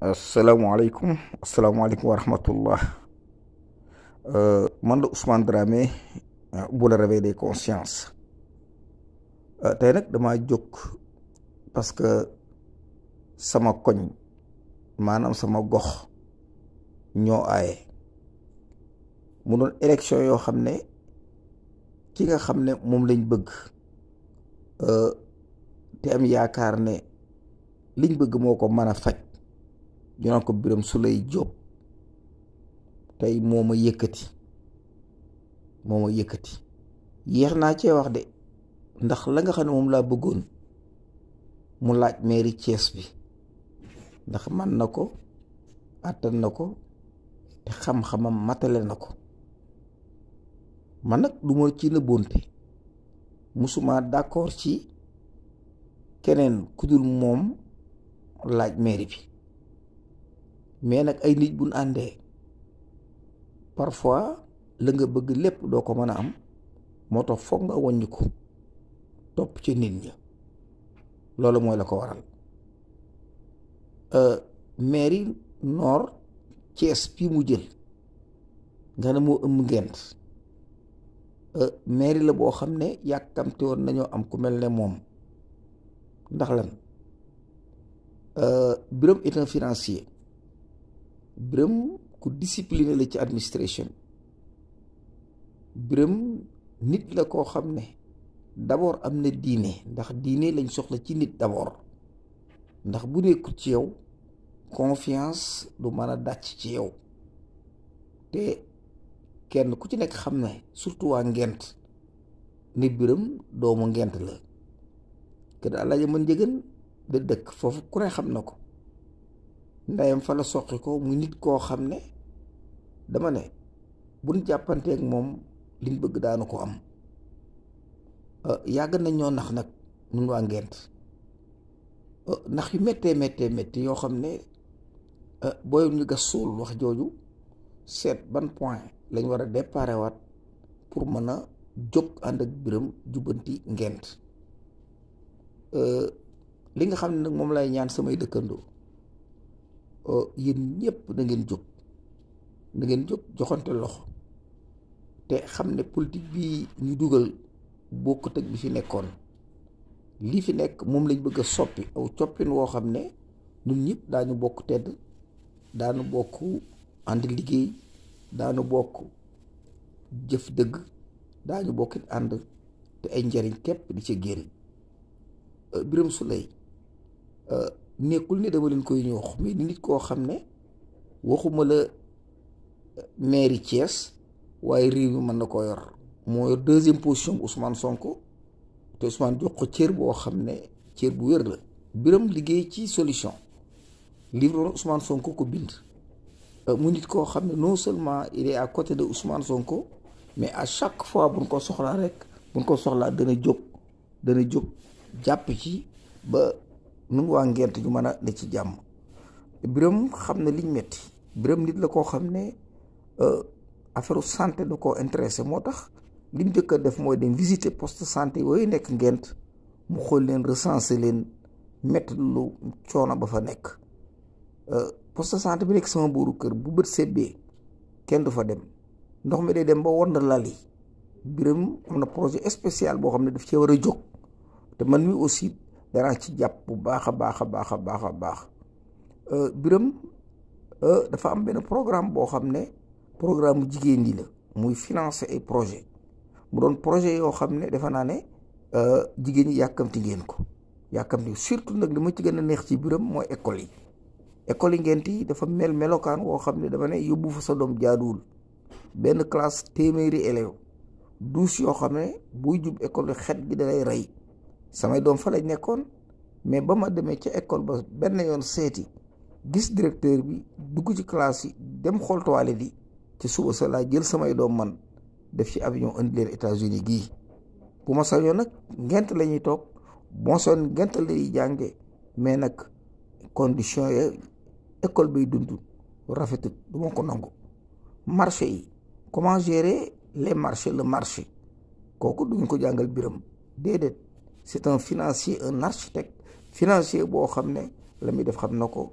asalaamaaleykum asalaamaaleykum wa rahmatullah uh, man la Ousmane Dramé uh, bu la réveil des consciences uh, tey nag damaa jóg parce que sama koñ maanaam sama gox ñoo aaye mu doon élection yoo xam ne ki nga xam ne moom lañ bëgg te am yaakaar ne liñ bëgg moo ko man a faj ñu naan ko Biram Souleye Diop tey moo ma yëkkati moo ma yëkkati yéex naa cee wax de ndax la nga xam ne moom laa bëggoon mu laaj mairie Thiès bi ndax man na ko àttan na ko te xam-xamam matale na ko man nag du ma ci nëbbonte musuma d'accord ci keneen ku moom laaj mairie bi mais nag ay nit buñ àndee parfois la nga bëgg lépp doo ko mën a am moo tax foog nga wàññi ko topp ci nit ñi loolu mooy la ko waral euh, mairie nord Thiès bii mu jël nga ne moo ëmb ngent euh, mairie la boo xam ne yàkkamte woon nañoo am ku mel ne moom ndax lan Birame est un financier Birame ku discipliné la ci administration Birame nit la koo xam ne d'abord am na diine ndax diine lañ soxla ci nit d'abord ndax bu nekkul ci yow confiance du mën a dàcc ci yow te kenn ku ci nekk xam ne surtout waa ngent ni Birame doomu ngent la kër Alaaji mën njëgën da dëkk foofu ku ne xam na ko ndayam fa la soqi ko mu nit koo xam ne dama ne buñ jàppanteeg moom liñ bëgg daanu ko am euh, yàgg nañ ñoo nax nag nun waa ngent euh, nax yu méttee méttee métti yoo xam ne euh, booy ñu gas suul wax jooju seet ban point lañ war a déparé waat pour mën a jóg ànd ak biram jubbanti ngent li nga xam ne nag moom lay ñaan samay dëkkandoo Euh, yéen ñëpp na ngeen jóg na jóg joxante loxo te xam ne politique bi ñu dugal bokkut ak bi fi nekkoon lii fi nekk moom lañ bëgg a soppi aw coppin woo xam ne ñun ñëpp daañu bokk tedd daanu bokk ànd liggéey daanu bokk jëf dëgg daañu bokkit ànd te ay njariñ képp di ci génn euh, biram Souleye euh, nekkul ne dama leen koy ñoox mais nit koo xam ne waxuma la mairie Thiès waaye réew mi mën na koo yor moo yor deuxième position Ousmane Sonko te Ousmane jox ko cër boo xam ne cër bu wér la biram liggéey ci solution livre Ousmane Sonko ko bind euh, mu nit koo xam ne non seulement il est côté de Ousmane Sonko mais à chaque fois buñ ko soxlaa rek buñ ko soxlaa dana jóg dana jóg jàpp ci ba nun waa ngent ñu mën a ne ci jàmm biram xam ne liñ metti biram nit la koo xam ne euh, affaire santé da ko intéressé moo tax liñ njëkk def mooy dem visiter poste santé yooyu nekk ngent mu xool leen recenser leen metti lu coono ba fa nekk euh, poste santé bi nekk sama booru kër bu bët sebbee kenn du fa dem ndox mi day dem ba war na lal yi biram am na projet spécial boo xam ne daf cee war a jóg te man mi aussi danaa ci jàpp bu baax a baax a baax a baax a baax euh, biram euh, dafa am benn programme boo xam ne programme mu jigéen ñi la muy financer ay projet mu doon projet yoo xam ne dafa naa ne euh, jigéen ñi yàkkamti ngeen ko yàkkamti surtout nag li ma ci gën a neex ci biram mooy école yi école yi ngent yi dafa mel melokaan woo xam ne dama ne yóbbu fa sa doom jaaduwul benn classe téeméeri élève douze yoo xam ne buy jub école yi xet gi dalay rey samay doom fa lañ nekkoon mais ba ma demee ca école ba benn yoon seeti gis directeur bi dugg ci classe yi dem xool toilette yi ci suba sa laa jël samay doom man def ci avion indi leen États-Unis gii bu ma sañoon nag ngent la ñuy toog bon soon ngent la jànge mais nag condition ya école bay dund rafetut duma ko nangu marché yi comment gérer les marchés le marché kooku duñ ko jàngal biram déedéet c'est un financier un architecte financier boo xam ne la muy def xam na ko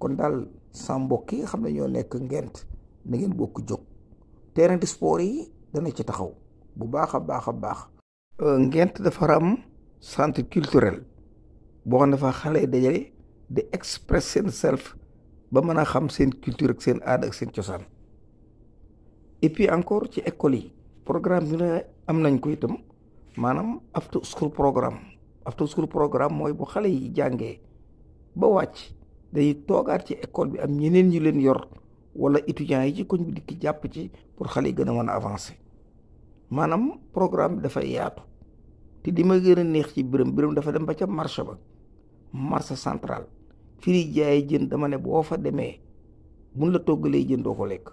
kon daal sa mbokk yi nga xam ne ñoo nekk ngent na ngeen bokk jóg terrain de sport yi dana ci taxaw bu baax a baax a baax euh, ngent dafa am centre culturel boo xam ne fa xale yi di express seen self ba mën a xam seen culture ak seen aada ak seen cosaan et puis encore ci école yi programme bi na am nañ ko itam maanaam after school programme after school programme mooy bu xale yi jàngee ba wàcc day toogaat ci école bi am ñeneen ñu leen yor wala étudiants yi ci koñ bi dikk jàpp ci pour xale yi gën a mën a avancer maanaam programme bi dafay yaatu te di ma gën a neex ci biram biram dafa dem ba ca marché ba marché central firi jaay jën dama ne boo fa demee mun la toggalee jën doo ko lekk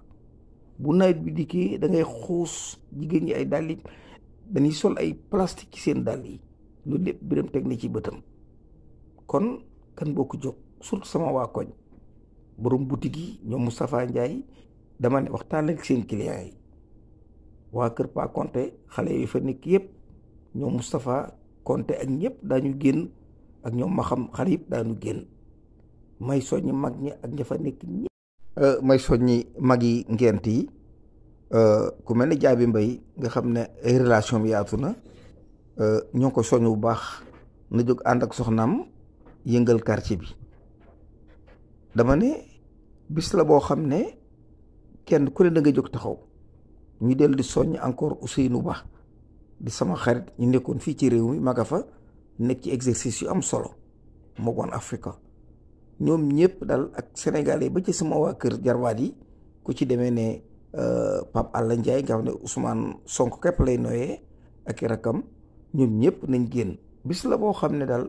bu nawet bi dikkee da ngay xuus jigéen ñi ay dàlli dañuy sol ay plastique ci seen dàll yi lu lépp biram teg na ci bëtam kon kan bokk ko jóg surtout sama waa koñ borom boutique yi ñoom Moustapha Ndiaye dama ne waxtaan ak seen clients waa Kër Pa Konté xale yi fa nekk yëpp ñoom Moustapha Konté ak ñëpp daañu génn ak ñoom ma xam xale yëpp daañu génn may soññi mag ñi ak ña fa nekk ñëpp. Euh, may soññi mag yi ngent yi. Euh, ku mel ni Diaby mbay nga xam ne ay relation bi yaatu na euh, ñoo ko soññ bu baax na jóg ànd ak soxnaam yëngal quartier bi dama ne bis la boo xam ne kenn ku ne da nga jóg taxaw ñu dellu di soñ encore nu baax di sama xarit ñu nekkoon fii ci réew mi maga fa nekk ci exercice yu am solo moo woon Africa ñoom ñëpp dal ak sénégalais ba ci sama waa kër jarwaat yi ku ci demee ne Euh, Pape Alla Ndiaye nga xam ne Ousmane Sonko képp lay nooyee ak i rakkam ñoom ñëpp nañ génn bis la boo xam ne daal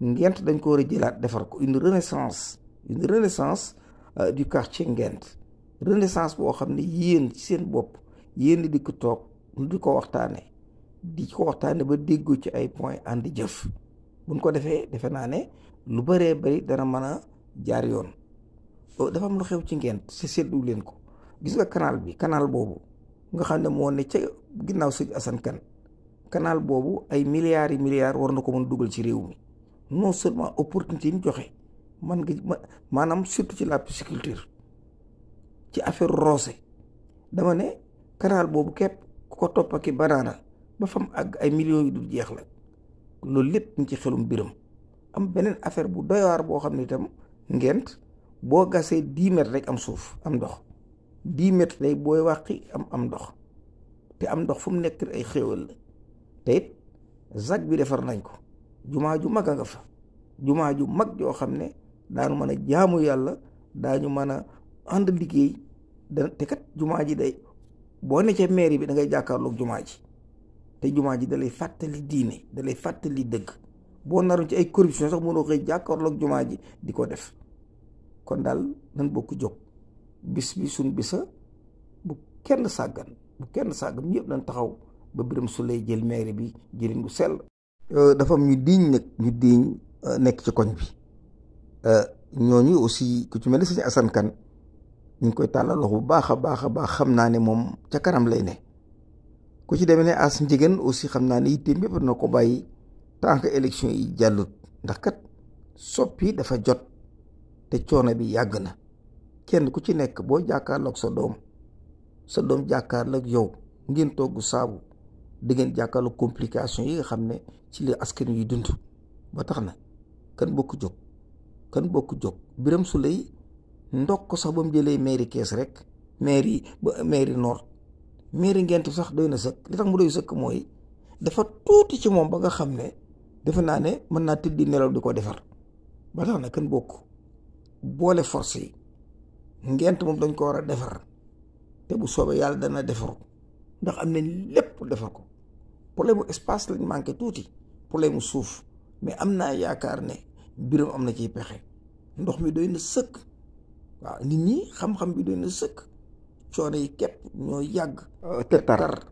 Ngent dañ ko war a jëlaat defar ko une renaissance une renaissance euh, du ci Ngent renaissance boo xam ne yéen ci seen bopp yéen di ko toog di ko waxtaane di ko waxtaane ba déggoo ci ay point ànd jëf buñ ko defee defe naa ne lu bëree bari dana mën a jaar yoon euh, dafa am lu xew ci Ngent si seetlu leen ko gis nga kanaal bi kanaal boobu nga xam ne moo ne ca ginnaaw sëñ asan kan canal boobu ay milliards yi milliards war na ko mën dugal ci réew mi non seulement opportunité yi mu joxe man nga maanaam surtout ci la pisciculture ci affaire roose dama ne canal boobu képp ku ko topp ak i banaana ba fam ak ay millions yu du jeex la loolu lépp ñu ci xelum biram am beneen affaire bu doy boo xam ne itam ngent boo gasee dix mètres rek am suuf am ndox dix mètres lay booy wàqi am am ndox te am ndox fu mu nekk ay xéewal la te it ZAC bi defar nañ ko jumaa ju mag a nga fa jumaa ju mag joo xam ne daanu mën a jaamu yàlla daañu mën a ànd liggéey da te kat jumaa ji day boo ne ca bi da ngay jàkkaarloog jumaa ji te jumaa ji da lay fàttali diine da lay fàttali dëgg boo naroon ci ay corruption sax mënoo koy jàkkaarloog jumaa ji di ko def kon daal nan bokk jóg bis bi suñ bisa bu kenn sàggan bu kenn sàggan ñëpp nañ taxaw ba su Souleye jël maire bi jëlin bu sell euh, dafa am ñu diiñ nag ñu diiñ euh, nekk ci koñ bi euh, ñooñu aussi ku ci mel ne sëñ Assane ñu ngi koy tàllal loxo bu baax a baax a baax xam naa ne moom ca kanam lay ne ku ci demee ne as njigéen aussi xam naa ne yitteem yëpp na ko bàyyi tant que élection yi jàllut ndax kat soppi dafa jot te coono bi yàgg na kenn ku ci nekk boo jàkkaarloog sa doom sa doom jàkkaarloog yow ngeen togg saabu di ngeen jàkkaarloog complication yi nga xam ne ci li askan yi dund ba tax na kan bokk jóg kan bokk jóg biram su lay ndok ko sax ba mu jëlee mairie kees rek mairie ba mairie nord mairie ngent sax doy na sëkk li tax mu doy sëkk mooy dafa tuuti ci moom ba nga xam ne defe naa ne mën naa di nelaw di ko defar ba tax na kan bokk boole force yi ngent moom dañ ko war a defar te bu soobee yàlla dana defaru ndax am nañ lépp defar ko problème mu espace lañ manqué tuuti problème mu suuf mais am naa yaakaar ne biram am na ci pexe ndox mi doy na sëkk waaw nit ñi xam-xam bi doy na sëkk coono yi képp ñoo yàgg euh, te tar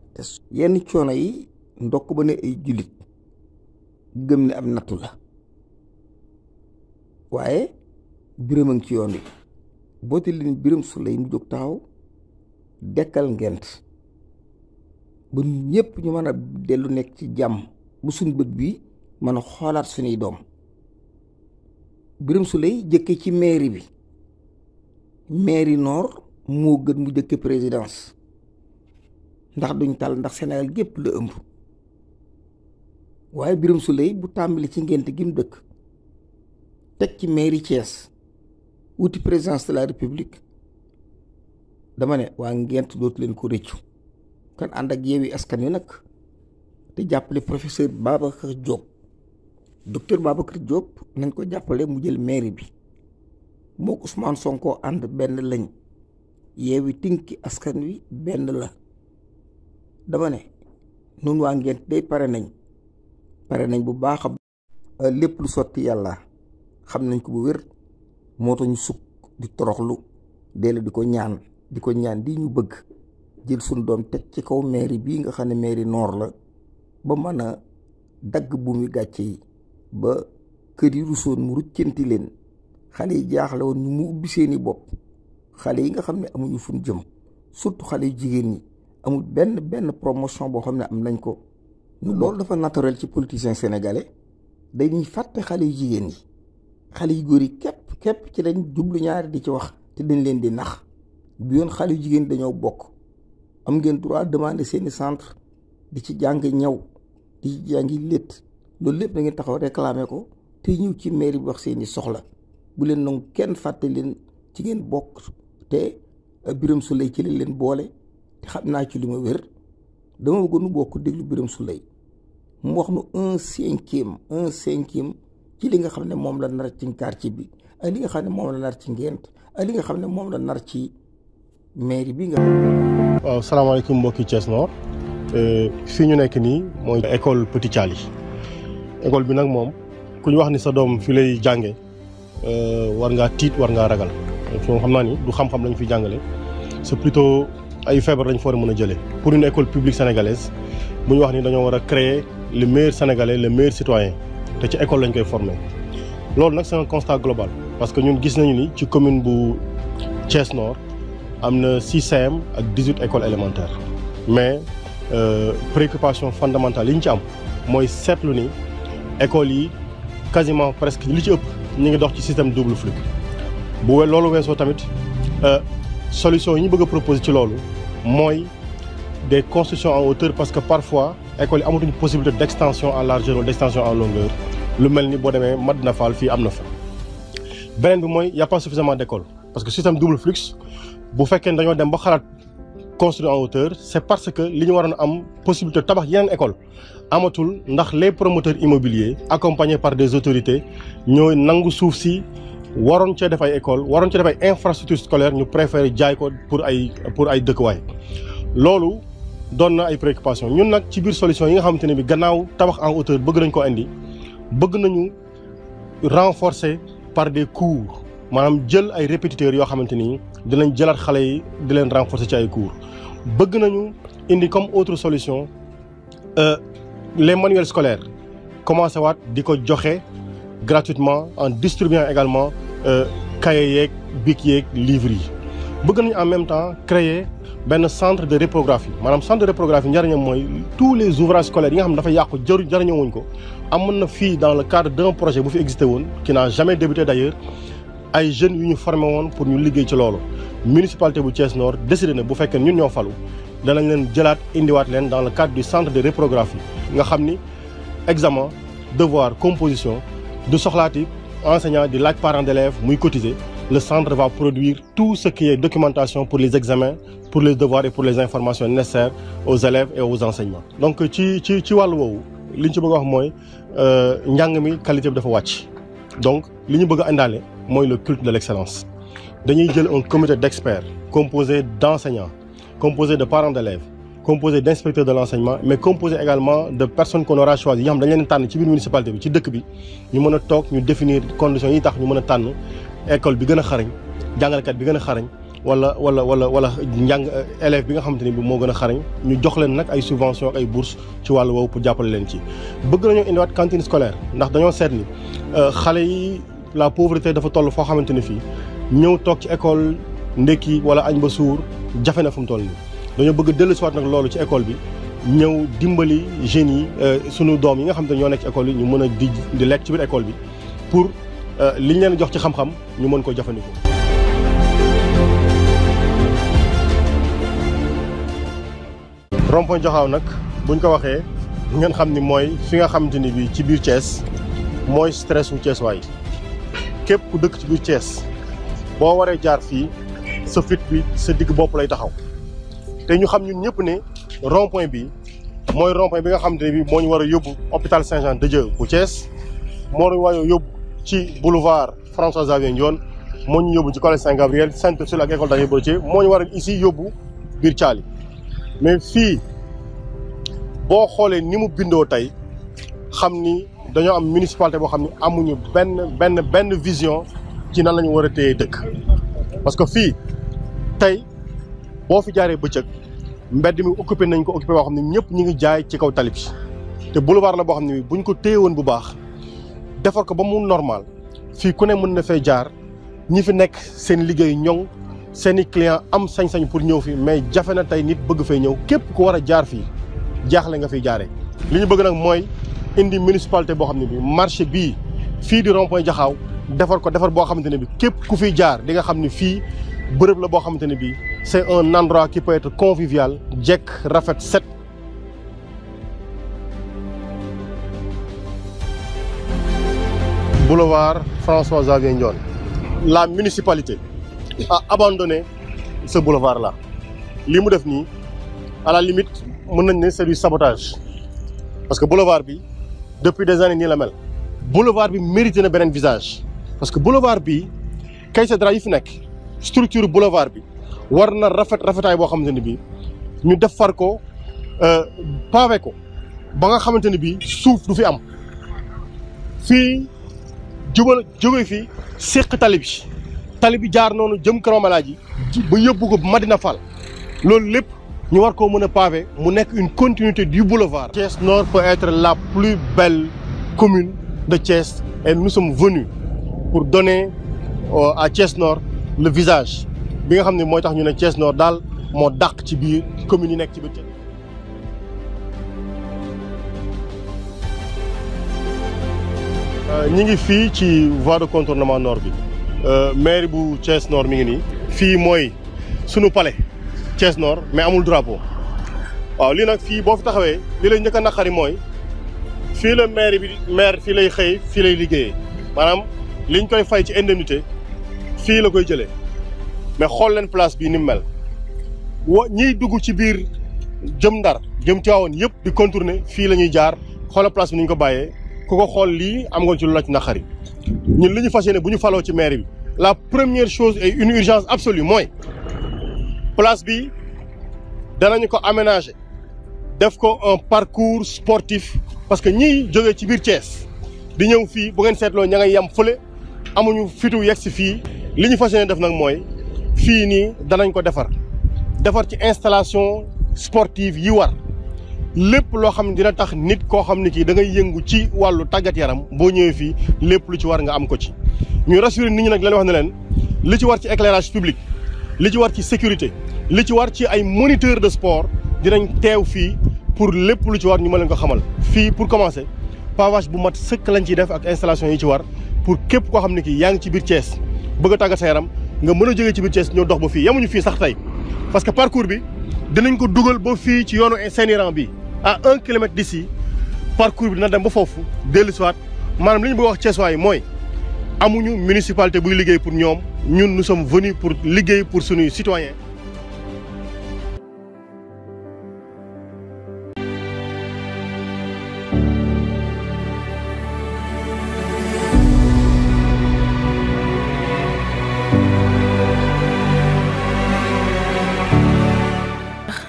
yenn coono yi ndokk ba ne ay jullit gëm ne am nattu la waaye biram a ngi ci yoon bi booti lin biram su lay mu jóg taaw dekkal ngent ba ñëpp ñu mën a dellu nekk ci jàmm bu suñ bët bi mën a xoolaat suñuy doom biram su lay jëkke ci mairie bi mairie noor moo gën mu jëkke présidence ndax duñ tal ndax Sénégal gépp la ëmb waaye biram su bu tàmbali ci ngént gi mu dëkk teg ci mairie Thiès wuti présidence de la république dama ne waa ngent dootu leen ko rëccu kan ànd ak yeewi askan wi nag te jàppale professeur Babacar Diop docteur Babacar Diop nañ ko jàppale mu jël mairie bi moo Ousmane Sonko ànd benn lañ yeewi tinki askan wi benn la dama ne nun waa ngent day pare nañ pare nañ bu baax a lépp lu sotti yàlla xam nañ ko bu wér moo tax ñu sukk di toroxlu dellu di ko ñaan di ko ñaan di ñu bëgg jël suñ doom teg ci kaw mairie bii nga xam ne mairie noor la ba mën a dagg bu mu gàcce yi ba kër yi rusoon mu ruccanti leen xale yi jaaxle woon ñu mu ubbi seeni bopp xale yi nga xam ne amuñu fu jëm surtout xale yu jigéen ñi amul benn benn promotion boo xam ne am nañ ko loolu dafa naturel ci politiciens sénégalais dañuy fàtte xale yu jigéen yi xale yu góor yi képp képp ci lañ jublu ñaari di ci wax te dañ leen di nax bi yoon xale yu jigéen dañoo bokk am ngeen droit demander seeni centre di ci jàng ñaw di ci jàngi létt loolu lépp da ngeen taxaw réclamer ko te ñëw ci maire bi wax seeni soxla bu leen nangu kenn fàtte leen ci ngeen bokk te biram euh, Birame Souleye ci leen boole te xam naa ci li ma wér dama bëggoon nu bokk déglu Birame Souleye mu wax nu un cinquième un cinquième ci li nga xam ne moom la nar ci quartier bi ak li nga xam ne moom la nar ci ngént ak li nga xam ne moom la nar ci mairie bi nga. waaw salaamaaleykum mbokki Thiès Nord eh, fii ñu nekk nii mooy école Petit Thialy école bi nag moom ku ñu wax ni sa doom fi lay jànge eh, war ngaa tiit war ngaa ragal moom xam naa ni du xam-xam lañ fi jàngale c'est plutôt ay feebar lañ fa war a mën a jëlee pour une école publique sénégalaise bu ñu wax ni dañoo war a créer le meilleur sénégalais le meilleur citoyen te ci école lañ koy former loolu nag c'est un constat global parce que ñun gis nañu ni ci commune bu Thiès Nord am na six CM ak dix-huit école élémentaires mais euh, préoccupation fondamentale yi ñu ci am mooy seetlu ni école yi quasiment presque li ci ëpp ñu ngi dox ci système double bu we loolu weesoo tamit euh, solution yi ñu bëgg a ci loolu mooy des constructions en hauteur parce que parfois écoles yi amatuñu possibilité d' extension en largeur ou d' extension en longueur lu mel ni boo demee mat Madina Fall fii am na fa beneen bi mooy y' a pas parce que système double flux bu fekkee dañoo dem ba xalaat construire en hauteur parce que li ñu waroon am possibilité tabax yeneen école amatul ndax les promoteurs immobiliers accompagnés par des autorités ñooy nangu suuf si waroon cee def ay école waroon cee def ay infrastructure scolaire ñu préféré jaay ko pour ay pour ay dëkkuwaay loolu doon na ay préoccupation ñun nag ci biir solution yi nga xamante ne bi gannaaw tabax en hauteur bëgg nañ ko indi bëgg nañu renforcer par des cours maanaam jël ay répétiteurs yoo xamante ni dinañ jëlaat xale yi di leen renforcer ci ay cours bëgg nañu indi comme autre solution euh, les manuels scolaires commencé waat di ko joxe gratuitement en distribuant également euh, cahier yeeg bic yeeg livres yi bëgg nañu en même temps créer benn centre de reprographie maanaam centre de reprographie njëriñam mooy tous les ouvrages scolaires yi nga xam ne dafa yàqu jëru jëriñoowuñ ko amoon na fii dans le cadre d'un projet bu fi existé woon qui n'a jamais débuté d'ailleurs ay jeunes yu ñu formé woon pour ñu liggéey ci loolu municipalité bu Thiès Nord décidé na bu fekkee ñun ñoo falu danañ leen jëlaat indiwaat leen dans le cadre du centre de reprographie nga xam ni examen devoir composition du soxlaati enseignant di laaj parents d'élèves muy cotiser le centre va produire tout ce qui est documentation pour les examens, pour les devoirs et pour les informations nécessaires aux élèves et aux enseignements. donc ci ci woowu li ñu ci bëgg a wax mooy euh, njàng mi qualité bi dafa wàcc donc li ñu bëgg a indaale mooy le culte de l'excellence dañuy jël un comité d'experts composé d'enseignants composé de parents d'élèves composé d'inspecteurs de l'enseignement mais composé également de personnes qu'on aura école bi gën a xarañ jàngalkat bi gën a xarañ wala wala wala wala njàng euh, élève bi nga xamante ni bi moo gën a xarañ ñu jox leen nag ay subvention ak ay bourse ci wàllu woowu pour jàppale leen ci bëgg nañu indiwaat cantine scolaire ndax dañoo seet ni euh, xale yi la pauvreté dafa toll foo xamante ni fii ñëw toog ci école ndekki wala añ ba suur jafe na fu mu toll nii dañoo bëgg dellusiwaat nag loolu ci école bi ñëw dimbali jeunes yi euh, sunu doom yi nga xam te ñoo nekk école yi ñu mën a di di lekk ci biir bi Euh, liñ leen jox ci xam-xam ñu mën koo jëfandikoo. rond-point nag buñ ko waxee ngeen xam ni mooy fi nga xamante ni bii ci biir Thiès mooy stress wu Thiès waay képp ku dëkk ci biir cees boo waree jaar fii sa fit bi sa digg bopp lay taxaw te ñu xam ñun ñëpp ne rond bi mooy rond bi nga xamante ne bii moo ñu war a yóbbu hôpital Saint-Jean de Dieu bu moo ñu war a yóbbu. ci boulevard François Xavier Ndione moo ñu yóbbu ci collège Saint Gabriel Sainte Ursule ak école Daniel Brottier moo ñu a ici yóbbu biir Thialy mais fii boo xoolee ni mu bindoo tey xam ni dañoo am municipalité boo xam ni amuñu benn benn benn vision ci nan lañu ñu war a téye dëkk parce que fii tey boo fi jaaree bëccëg mbedd mi occupé nañ ko occupé boo xam ne ñëpp ñu ngi jaay ci kaw tali bi te boulevard la boo xam ne buñ ko téye woon bu baax defar ko ba mu normal fii ku ne mën na fay jaar ñi fi nekk seen liggéey ñoŋ seen i client am sañ-sañ pour ñëw fii mais jafe na tey nit bëgg fee ñëw képp ku war a jaar fii jaaxle nga fiy jaaree. li ñu bëgg nag mooy indi municipalité boo xam ne bi marché bii fii di rond-point Jaxaaw defar ko defar boo xamante ne bi képp ku fiy jaar di nga xam ni fii bërëb la boo xamante ne bi c'est un endroit qui peut être convivial jekk rafet set. boulevard François Xavier Ndione la municipalité a abandonné ce boulevard la li mu def nii à la limite mën nañ ne c'est du sabotage parce que boulevard bi depuis des années nii la mel boulevard bi mérité na beneen visage parce que boulevard bi cathédrale yi fi nekk structure boulevard bi war na rafet rafetaay boo xamante ne bii ñu def defar ko euh, pavé ko ba nga xamante ni bii suuf du fi am fii jubal jóge fii séq tali bi tali bi jaar noonu jëm Kër Mamadou ji ba yóbbu ko Madina fal loolu lépp ñu war koo mën a pavé mu nekk une continuité du boulevard. Thiès Nord peut être la plus belle commune de Thiès et nous sommes venus pour donner euh, à Thiès le visage bi nga xam ne mooy tax ñu ne Thiès Nord daal moo dàq ci biir commune yi nekk ci biir Euh, ñi ngi fii ci voie de contournement nord bi euh, maire bu Thiès Nord mi ngi nii fii mooy sunu palais Thiès Nord mais amul drapeau waaw lii nag fii boo fi taxawee li lay njëkk naqari mooy fii la maire bi maire fii lay xëy fii lay liggéeyee maanaam liñ koy fay ci indemnité fii la koy jëlee mais xool leen place bii ni mel wa ñuy dugg ci biir jëm ndar jëm awoon yëpp di contourner fii la ñuy jaar xoola place bi ni ñu ko bàyyee ku ko xool lii am nga ci lu la ci naqari li ñu fas yéene bu ñu faloo ci maire bi la première chose et une urgence absolue mooy place bi danañu ko aménager def ko un parcours sportif parce que ñiy jógee ci biir Thiès di ñëw fii bu ngeen seetloo ña ngay yem fële amuñu fitu yegg si fii li ñu fas def nag mooy fii nii danañ ko defar defar ci installation sportive yi war lépp loo xam dina tax nit koo xam ni kii da ngay yëngu ci wàllu tàggat yaram boo ñëwee fii lépp lu ci war nga am ko ci. ñuy rassurer nit ñi nag leen wax ne leen li ci war ci éclairage publique li ci war ci sécurité li ci war ci ay moniteur de sport dinañ teew fii pour lépp lu ci war ñu mën leen ko xamal. fii pour commencer pavage bu mat sëkk lañ ci def ak installation yi ci war pour képp koo xam ne kii yaa ngi ci biir Thiès bëgg a tàggat sa yaram nga mën a jógee ci biir Thiès dox ba fii yemuñu fii sax tey parce que parcours bi dinañ ko dugal ba fii ci yoonu Séniran bi à un kilomètre d'ici parcours bi dina dem ba foofu dellu siwaat maanaam li ñu wax Thiessois yi mooy amuñu municipalité buy liggéey pour ñoom ñun nous sommes venus pour liggéey pour suñuy citoyens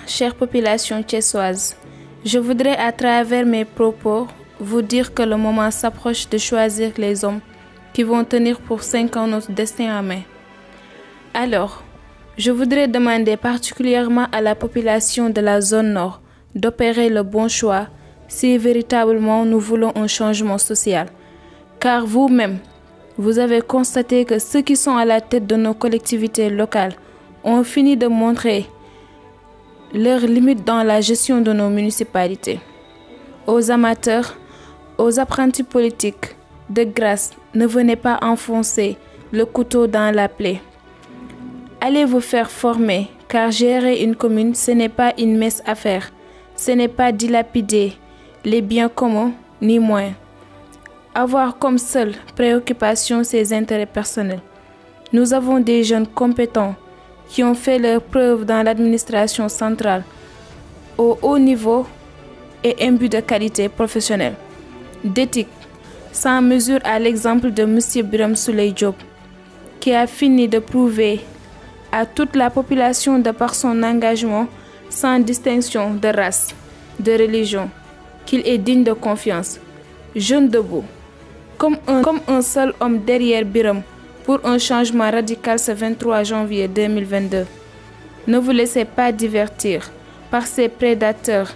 chère population thiessoise Je voudrais à travers mes propos vous dire que le moment s'approche de choisir les hommes qui vont tenir pour cinq ans notre destin à main. Alors, je voudrais demander particulièrement à la population de la zone nord d'opérer le bon choix si véritablement nous voulons un changement social. Car vous-même, vous avez constaté que ceux qui sont à la tête de nos collectivités locales ont fini de montrer leurs limites dans la gestion de nos municipalités. Aux amateurs, aux apprentis politiques, de grâce, ne venez pas enfoncer le couteau dans la plaie. Allez vous faire former, car gérer une commune, ce n'est pas une messe à faire. Ce n'est pas dilapider les biens communs, ni moins. Avoir comme seule préoccupation ses intérêts personnels. Nous avons des jeunes compétents qui ont fait leurs preuves dans l'administration centrale au haut niveau et imbu de qualité professionnelle, d'éthique, sans mesure à l'exemple de M. Biram Souley Diop, qui a fini de prouver à toute la population de par son engagement sans distinction de race, de religion, qu'il est digne de confiance. Jeune debout, comme un, comme un seul homme derrière Biram pour un changement radical ce 23 janvier 2022. Ne vous laissez pas divertir par ces prédateurs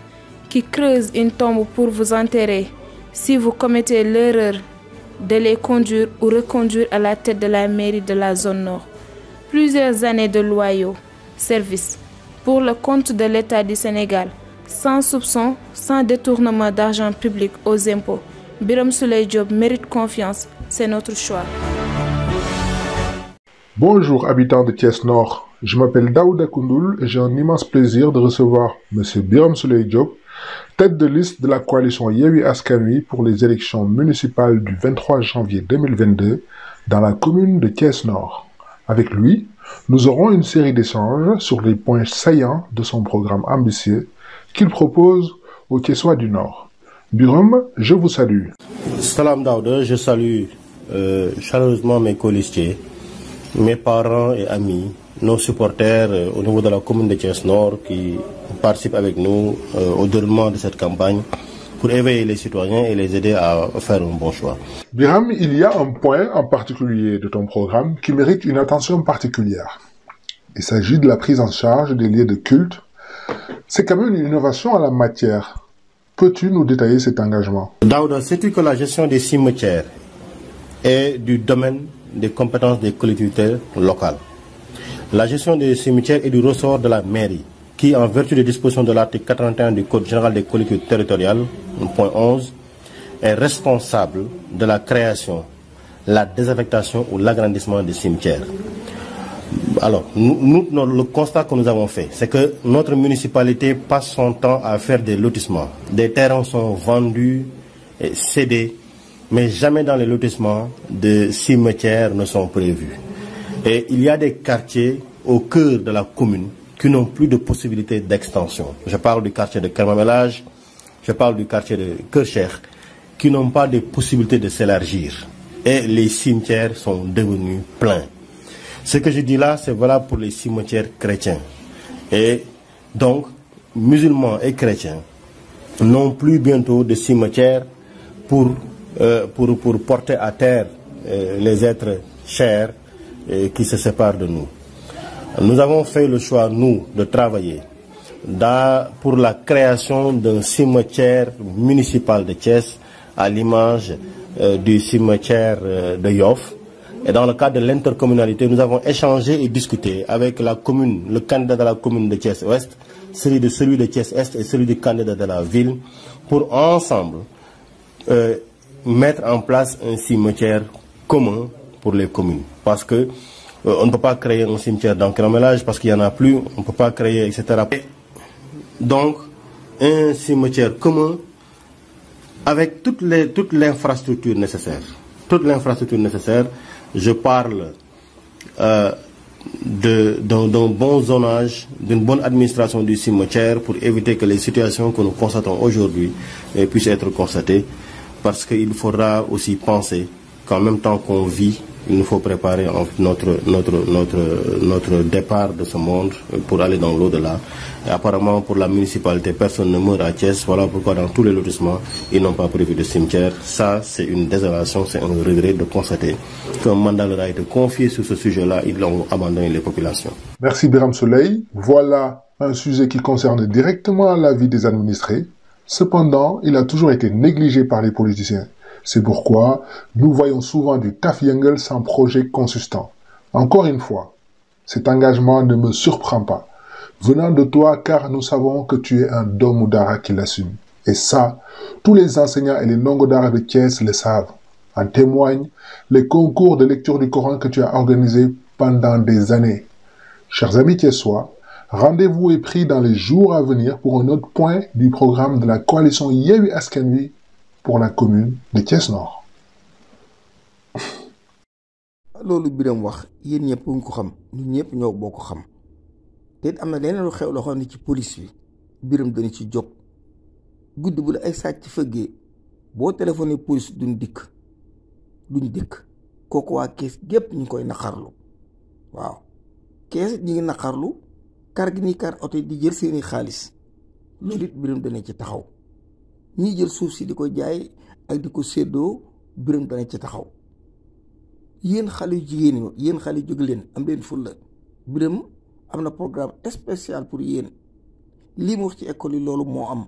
qui creusent une tombe pour vous enterrer si vous commettez l'erreur de les conduire ou reconduire à la tête de la mairie de la zone nord. Plusieurs années de loyaux services pour le compte de l'État du Sénégal, sans soupçon, sans détournement d'argent public aux impôts. Biram Souley Diop mérite confiance, c'est notre choix. Bonjour habitants de Thiès Nord, je m'appelle Daouda Koundoul et j'ai un immense plaisir de recevoir M. Biram Souley Diop, tête de liste de la coalition Yewi Askanoui pour les élections municipales du 23 janvier 2022 dans la commune de Thiès Nord. Avec lui, nous aurons une série d'échanges sur les points saillants de son programme ambitieux qu'il propose aux Thiessois du Nord. Biram, je vous salue. Salam Daouda, je salue euh, mes colistiers. mes parents et amis, nos supporters euh, au niveau de la commune de Thiès Nord qui participent avec nous euh, au déroulement de cette campagne pour éveiller les citoyens et les aider à faire un bon choix. il y a un point en particulier de ton programme qui mérite une attention particulière. Il s'agit de la prise en charge des lieux de culte. C'est quand même une innovation en la matière. Peux-tu nous détailler cet engagement Daouda, la gestion des cimetières est du des compétences des collectivités locales. La gestion des cimetières est du ressort de la mairie, qui, en vertu des dispositions de l'article 81 du Code général des collectivités territoriales, point 11, est responsable de la création, la désaffectation ou l'agrandissement des cimetières. Alors, nous, nous, le constat que nous avons fait, c'est que notre municipalité passe son temps à faire des lotissements. Des terrains sont vendus et cédés mais jamais dans les lotissements de cimetières ne sont prévus. Et il y a des quartiers au cœur de la commune qui n'ont plus de possibilité d'extension. Je parle du quartier de Kermamelage, je parle du quartier de Kircher, qui n'ont pas de possibilité de s'élargir. Et les cimetières sont devenus pleins. Ce que je dis là, c'est voilà pour les cimetières chrétiens. Et donc, musulmans et chrétiens n'ont plus bientôt de cimetières pour Euh, pour pour porter à terre euh, les êtres chers euh, qui se séparent de nous. Nous avons fait le choix, de travailler dans, pour la création d'un cimetière municipal de Thiès à l'image euh, du cimetière euh, de Yoff. Et dans le cadre de l'intercommunalité, nous avons échangé et discuté avec la commune, le candidat de la commune de Thiès-Ouest, celui de celui de Thiès-Est et celui du candidat de la ville, pour ensemble euh, mettre en place un cimetière commun pour les communes. Parce que euh, on ne peut pas créer un cimetière dans Cramélage parce qu'il n'y en a plus, on ne peut pas créer, etc. Donc, un cimetière commun avec toutes les, toute l'infrastructure nécessaire. Toute l'infrastructure nécessaire, je parle euh, d'un bon zonage, d'une bonne administration du cimetière pour éviter que les situations que nous constatons aujourd'hui euh, puissent être constatées parce qu'il faudra aussi penser qu'en même temps qu'on vit, il nous faut préparer notre, départ de ce monde pour aller dans l'au-delà. apparemment, pour la municipalité, personne ne meurt à Thiès. Voilà pourquoi dans tous les lotissements, ils n'ont pas prévu de cimetière. c'est une désolation, c'est un regret de constater qu'un mandat leur a été confié sur ce sujet-là. Ils ont abandonné les populations. Merci Soleil. Voilà un sujet qui concerne directement la vie des administrés. Cependant, il a toujours été négligé par les politiciens. C'est pourquoi nous voyons souvent du taf Yengel sans projet consistant. Encore une fois, cet engagement ne me surprend pas, venant de toi car nous savons que tu es un Domoudara qui l'assume. Et ça, tous les enseignants et les Nongodara de le savent. En témoignent les concours de lecture du Coran que tu as organisés pendant des années. Chers amis soient Rendez-vous est pris dans les jours à venir pour un autre point du programme de la coalition Yehu Askanvi pour la commune de Thiès-Nord. loolu biram wax yéen ñëpp nga ko xam ñun ñëpp ñoo boo ko xam te it am na leneen lu xew loo xam ne ci police bi biram dana ci jóg gudd bu la ay sàcc fëggee boo téléphoné police duñ dikk duñ dikk kooku waa kees gépp ñu ngi koy naqarlu waaw kees ñu naqarlu kar gi ni kar oto di jël seeni xaalis hmm. loolu it biram dana ci taxaw ñii jël suuf si di ko jaay ak di ko séddoo biram dana ci taxaw yéen xale yu jigéen ñi yéen xale jóg leen am leen fulla biram am na programme spécial pour yéen lii mu wax ci école yi loolu moo am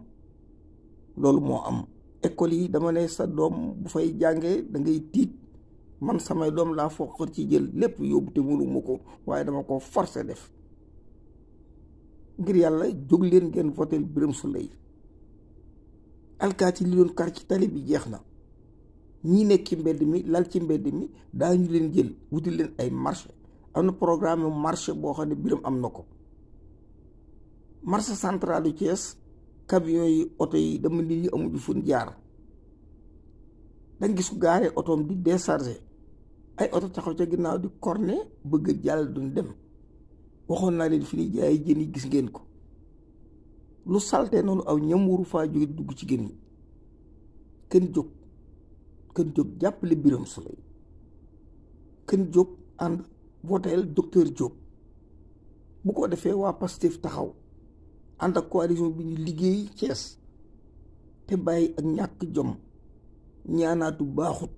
loolu moo am école yi dama ne sa doom bu fay jàngee da tiit man samay doom laa foqar ci jël lépp yóbbu te mënu ma ko waaye dama ko forcer def ngir yàlla jóg leen ngeen voteel Birame Souleye alkaati li doon kar ci tali bi jeex na ñi nekk ci mbedd mi lal ci mbedd mi daañu leen jël wuti leen ay marché am na programme marché boo xam ne biram am na ko marché central du Thiès camion yi oto yi dama nit ñi amuñu fu ñu jaar danga gisu ko gaaree otoom di décharger ay oto taxaw ca ginnaaw di korne bëgg jàll duñ dem waxoon naa leen fi ni jaay jën yi gis ngeen ko lu salte noonu aw ñam waru faa jóge dugg ci gën yi kën jóg kën jóg jàppale Biram Souleye kën jóg ànd voteel docteur Diop bu ko defee waa Pastef taxaw ànd ak coalition bi ñu liggéey Cees te bàyyi ak ñàkk jom ñaanaatu baaxut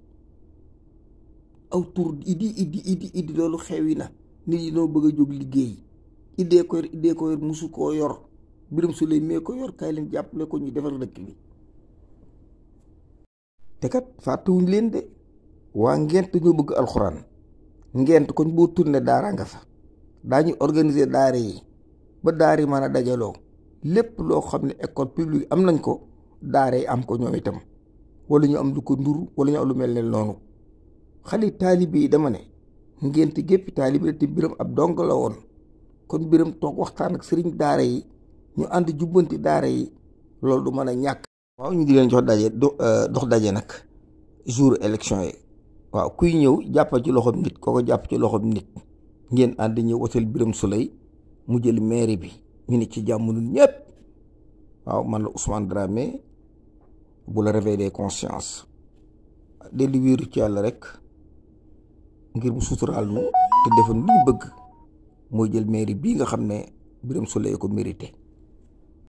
aw tur idi idi idi idi loolu xewi na nit yi noo bëgg a jóg liggéey idée ko yor idée ko yor musu koo yor biram su lay mee ko yor kay leen jàppale ko ñu defar dëkk bi te kat fàttewuñ leen waa ngent ñoo bëgg alxuraan ngent koñ boo tourné daara nga fa daañu organiser daara yi ba daari yi a dajaloo lépp loo xam ne école publique am nañ ko daare yi am ko ñoom itam wala ñu am lu ko nduru wala ñu am lu mel ne noonu xale taalibe yi dama ne ngénte gépp taalibe la te biram ab dong la woon kon biram toog waxtaan ak sëriñ daara yi ñu ànd jubbanti daara yi loolu du mën a ñàkk. waaw ñu ngi leen jox daje euh, dox daje nag jour élection yi waaw kuy ñëw jàppal ci loxoom nit kooko jàpp ci loxoom nit ngeen ànd ñëw wotal biram Souleye mu jël mairie bi ñu ne ci jàmm ñun waaw man la Ousmane Dramé bu la réveillé conscience dellu wéeru ci yàlla rek. ngir mu suturaal nu te defal lu bëgg mooy jël mairie bii nga xam ne Birame Souleye ko mérité